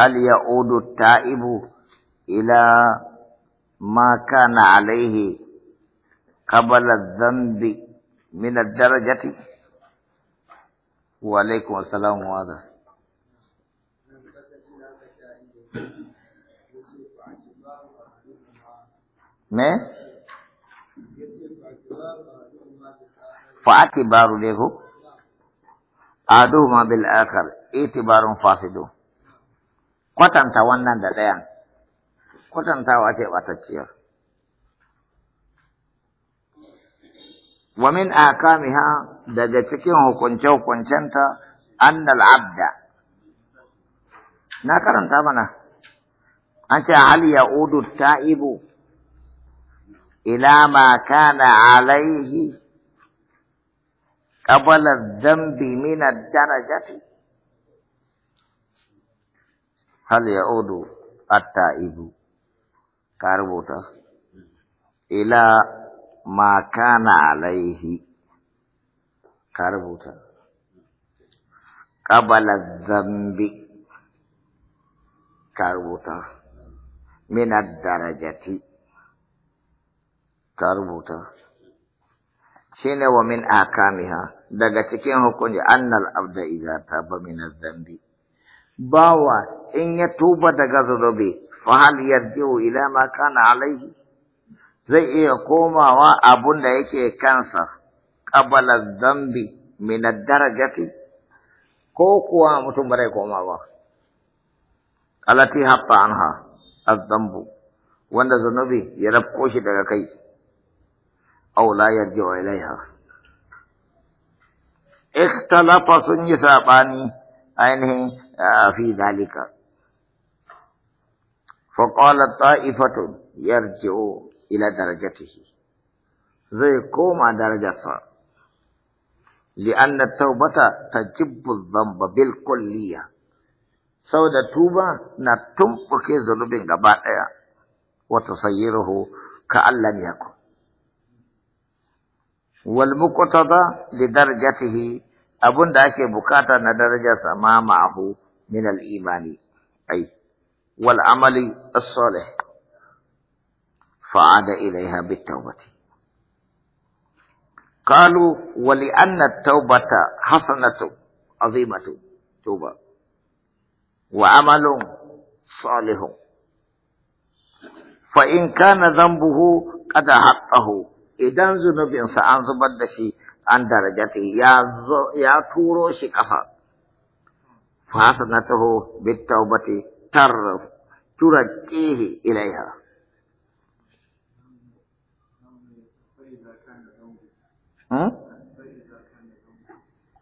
هل يعود التائب إلى ما كان عليه قبل الذنب من الدرجة وعليكم السلام وهذا me fa'atibaru lahu aduhuma bil akhar itibarun fasidun kwatanta wannan da ɗayan kwatantawa ce ɓatacciyar wa min akamiha daga cikin hukunce-hukuncenta annal abda na karanta mana an ce hal ya'udu ta'ibu ila ma kana alaihi ƙabalar dambi min ad-darajati hal ya udu atta ibu ka rubuta ila ma alaihi ka rubuta ƙabala zambi ka rubuta darajati ka rubuta wa min akamiha daga cikin hukunci annal abda iza ta ba minar zambi bawa in ya tuba daga zunubi fa hal yarji'u ila ma kana alaihi zai iya komawa abun da yake kansa qabala dhanbi min ad-darajati ko kuwa mutum bare komawa alati hatta anha az-dhanbu wanda zunubi ya rabko shi daga kai aw la yarji'u ilaiha ikhtalafa sun yi sabani ainihin آه، في ذلك فقال طائفة يرجع إلى درجته زي كوما درجة صار لأن التوبة تجب الذنب بالكلية سودة توبة نتمك ذنب قبائع وتصيره كأن لم يكن والمقتضى لدرجته أبن داكي بكاتا ندرجة ما معه من الإيمان أي والعمل الصالح فعاد إليها بالتوبة قالوا ولأن التوبة حسنة عظيمة توبة وعمل صالح فإن كان ذنبه قد حقه إذا ذنب إنسان شيء عن درجته يا يا توروشي شي فحسنته بالتوبة تر ترجيه إليها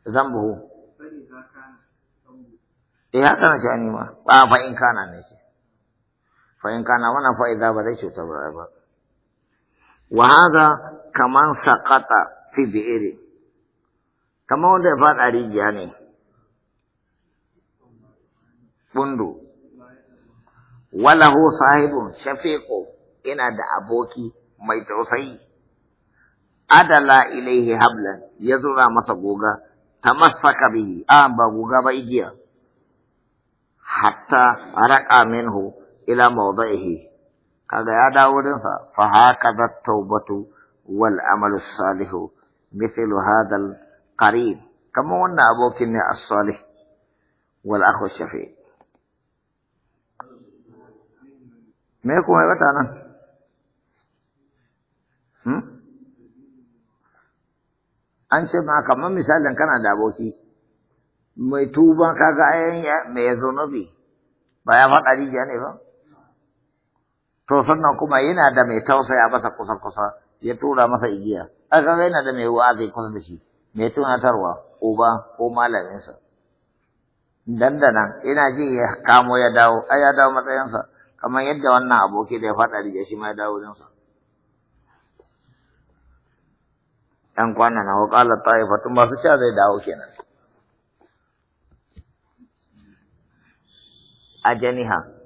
ذنبه eh haka na sha nima ba fa in kana ne shi fa in kana ba zai cuta ba ba wahaza hada kaman saqata fi kamar wanda ya faɗa rijiya ne bundu walahu sahibun shafiqu ina da aboki mai tausayi adala ilaihi hablan ya zura masa goga tamassaka bihi a ba goga ba igiya hatta raqa minhu ila mawdihi kaga ya dawo sa fa hakaza tawbatu wal amalu salihu Kamar wannan abokin ne as-salih wal akhu shafiq me kuma ya bata nan hmm? an ce ma kamar misalin kana da aboki mai tuba kaga ayan ya me ya zo bi? ba ya faɗa rijiya ne ba to sannan kuma yana da mai tausaya masa kusa kusa ya tura masa igiya aka ga yana da mai wa'azi kusa da shi mai tunatarwa uba ko malaminsa dandanan ina ji ya kamo ya dawo ai ya dawo matsayinsa kamar yadda wannan aboki da ya faɗa da shi ma ya dawo wurinsa ɗan kwana na wakala ta'ifatun masu cewa zai dawo kenan a janiha